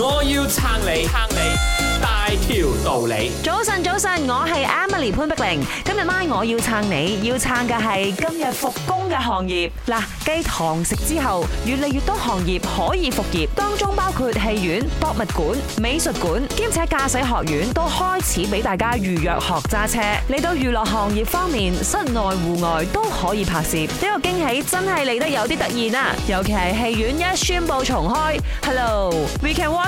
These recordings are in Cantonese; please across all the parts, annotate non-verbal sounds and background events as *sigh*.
我要撐你，撐你大條道理。早晨，早晨，我係 Emily 潘碧玲。今日晚我要撐你，要撐嘅係今日復工嘅行業。嗱，繼堂食之後，越嚟越多行業可以復業，當中包括戲院、博物館、美術館，兼且駕駛學院都開始俾大家預約學揸車。嚟到娛樂行業方面，室內戶外都可以拍攝。呢個驚喜真係嚟得有啲突然啊！尤其係戲院一宣布重開，Hello，We Can Watch。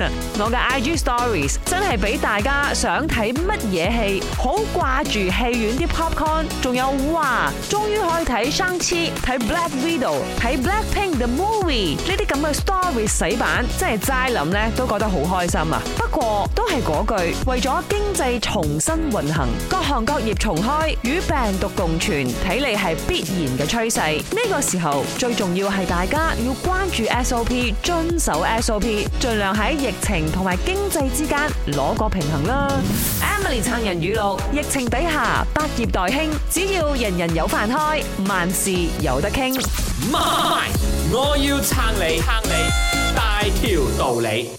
*laughs* 我嘅 IG Stories 真係俾大家想睇乜嘢戲，好掛住戲院啲 popcorn，仲有哇，終於可以睇 Shang-Chi，睇 Black Widow，睇 Black Pink The Movie 呢啲咁嘅 stories 洗版，真係齋諗呢，都覺得好開心啊！不過都係嗰句，為咗經濟重新運行，各行各業重開，與病毒共存，睇嚟係必然嘅趨勢。呢個時候最重要係大家要關注 SOP，遵守 SOP，盡量喺。疫情同埋經濟之間攞個平衡啦。Emily 撐人語錄：疫情底下百業待興，只要人人有飯開，萬事有得傾。媽咪，我要撐你，撐你大條道理。